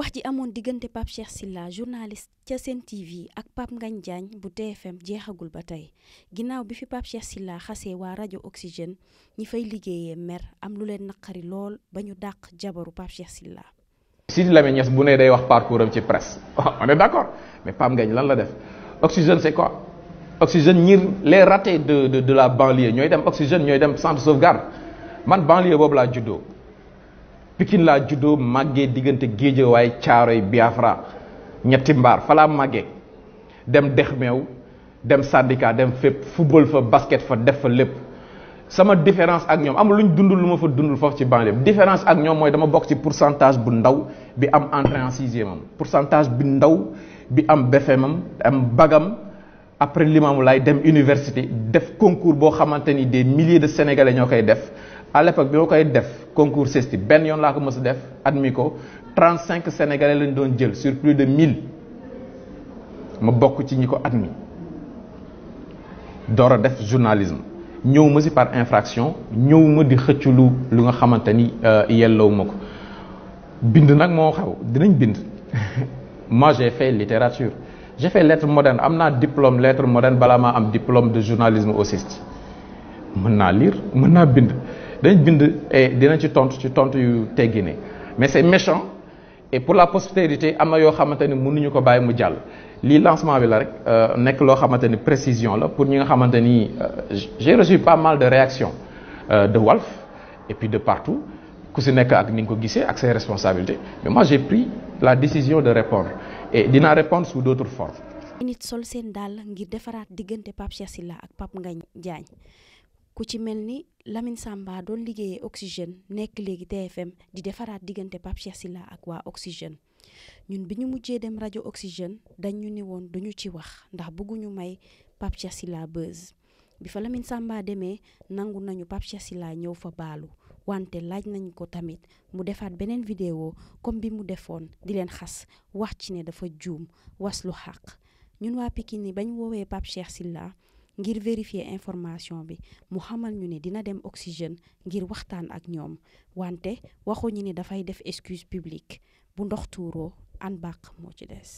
wax ji amoon diggante Pape Cheikh journaliste ci Sen TV ak Pape Ngagne bu TFM jéxagul ba tey ginnaaw bi fi Pape Cheikh Sylla xasee waa Oxygène ñi fay liggéeyé mer am lu leen naqari lool bañu dakk dàq jabaru Pape Cheikh Sylla. Sidi Lamine bu né day wax parcours am ci presse oh, on est d'accord mais Pape Ngagne lan la def Oxygène c'est quoi Oxygène ñir les ratés de de de la banlieue ñoy dem Oxygène ñoy dem centre sauvegarde man banlieue bobu la juddoo la judo magge màggee diggante Géejawaay Caaroy Biafra ñetti mbar fala magge dem dex dem syndicat dem fep football fa basket fa def fa lepp sama différence ak ñom am luñ dundul luma fa dundul foofu ci banlieue différence ak ñom moy dama bok ci pourcentage bu ndaw bi am entrée en sixième pourcentage bi ndaw bi am bfm, am bagam après limaamu laay dem université def concours bo xamanteni des milliers de sénégalais ñoo koy def à l'époque bi ma koy def concours CESTI Ben yon laa ko mës def admiko 35 sénégalais lañ doon jël sur plus de 1000 ma bokk ci ñiko ko admis def journalisme ñëw ma par infraction ñëw ma di xëccu lu lu nga xamanteni ni euh, yellow ma bind nak mo xaw dinañ bind moi j'ai fait littérature j'ai fait lettre moderne J'ai un diplôme lettre moderne j'ai maa un diplôme de journalisme aussi. Je l'ai naa je l'ai naa bind dañ bind et eh, dina ci tontu ci tontu mais c'est méchant et pour la postérité il y a des ni mënuñu ko bàyyi mu jàll lii lancement bi la rek euh, précision pour nous, nga euh, j'ai reçu pas mal de réactions euh, de Wolf et puis de partout ku si nekk ak ni ko ses responsabilités mais moi j'ai pris la décision de répondre et dinaa répondre sous d'autres formes. nit sol seen dàll ngir defaraat diggante Pape Cheikh ak Pape Ngagne Diagne ku ci mel ni Lamine Samba doon liggéeyee Oxygène nekk léegi TFM di defaraat diggante Pape Cheikh ak waa Oxygène ñun bi ñu mujjee dem rajo Oxygène dañ ñu ni woon duñu ci wax ndax bëgguñu may Pape Cheikh Sylla bi fa Lamine Samba demee nangu nañu Pape Cheikh ñëw fa baalu. wante laaj nañ ko tamit mu defaat beneen vidéo comme bi mu defoon di leen xas wax ci ne dafa juum waslu xaq ñun waa Pikine ni bañ woowee Pape Cheikh Silla ngir vérifier information bi mu xamal ñu ne dina dem oxygène ngir waxtaan ak ñoom wante waxuñu ne dafay def excuse publique bu ndox tuuroo an bàq moo ci des